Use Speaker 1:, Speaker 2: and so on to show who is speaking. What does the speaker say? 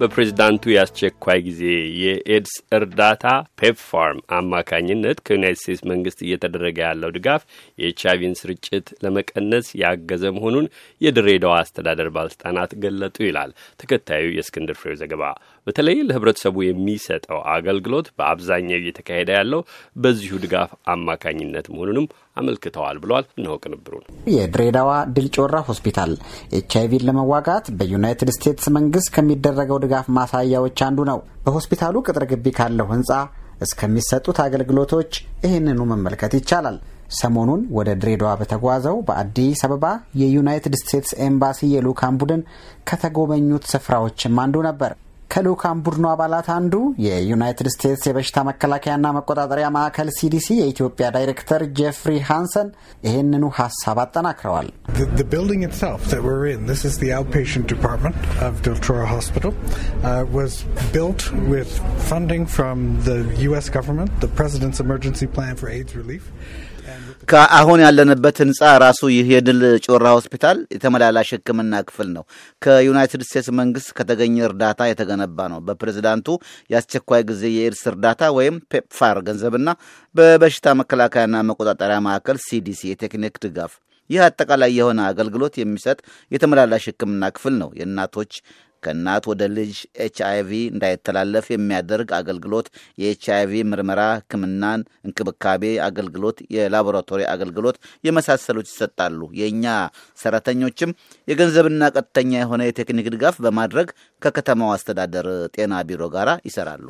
Speaker 1: በፕሬዝዳንቱ የአስቸኳይ ጊዜ የኤድስ እርዳታ ፔፕፋርም አማካኝነት ከዩናይት ስቴትስ መንግስት እየተደረገ ያለው ድጋፍ የኤች አይቪን ስርጭት ለመቀነስ ያገዘ መሆኑን የድሬዳዋ አስተዳደር ባለስልጣናት ገለጡ ይላል ተከታዩ የእስክንድር ፍሬው ዘገባ። በተለይ ለህብረተሰቡ የሚሰጠው አገልግሎት በአብዛኛው እየተካሄደ ያለው በዚሁ ድጋፍ አማካኝነት መሆኑንም አመልክተዋል ብሏል። እነሆ ቅንብሩን
Speaker 2: የድሬዳዋ ድል ጮራ ሆስፒታል ኤች አይቪን ለመዋጋት በዩናይትድ ስቴትስ መንግስት ከሚደረገው ድጋፍ ማሳያዎች አንዱ ነው። በሆስፒታሉ ቅጥር ግቢ ካለው ህንፃ እስከሚሰጡት አገልግሎቶች ይህንኑ መመልከት ይቻላል። ሰሞኑን ወደ ድሬዳዋ በተጓዘው በአዲስ አበባ የዩናይትድ ስቴትስ ኤምባሲ የልዑካን ቡድን ከተጎበኙት ስፍራዎችም አንዱ ነበር። ከልዑካን ቡድኑ አባላት አንዱ የዩናይትድ ስቴትስ የበሽታ መከላከያና መቆጣጠሪያ ማዕከል ሲዲሲ የኢትዮጵያ ዳይሬክተር ጄፍሪ ሃንሰን ይህንኑ ሀሳብ አጠናክረዋል።
Speaker 3: ስ
Speaker 4: ከአሁን ያለንበት ህንፃ ራሱ ይህ የድል ጮራ ሆስፒታል የተመላላሽ ሕክምና ክፍል ነው። ከዩናይትድ ስቴትስ መንግስት ከተገኘ እርዳታ የተገነባ ነው። በፕሬዚዳንቱ የአስቸኳይ ጊዜ የኤድስ እርዳታ ወይም ፔፕፋር ገንዘብና በበሽታ መከላከያና መቆጣጠሪያ ማዕከል ሲዲሲ የቴክኒክ ድጋፍ ይህ አጠቃላይ የሆነ አገልግሎት የሚሰጥ የተመላላሽ ሕክምና ክፍል ነው። የእናቶች ከእናት ወደ ልጅ ኤች አይ ቪ እንዳይተላለፍ የሚያደርግ አገልግሎት፣ የኤች አይ ቪ ምርመራ፣ ሕክምናን፣ እንክብካቤ አገልግሎት፣ የላቦራቶሪ አገልግሎት የመሳሰሉት ይሰጣሉ። የእኛ ሰራተኞችም የገንዘብና ቀጥተኛ የሆነ የቴክኒክ ድጋፍ በማድረግ ከከተማው አስተዳደር ጤና ቢሮ ጋር ይሰራሉ።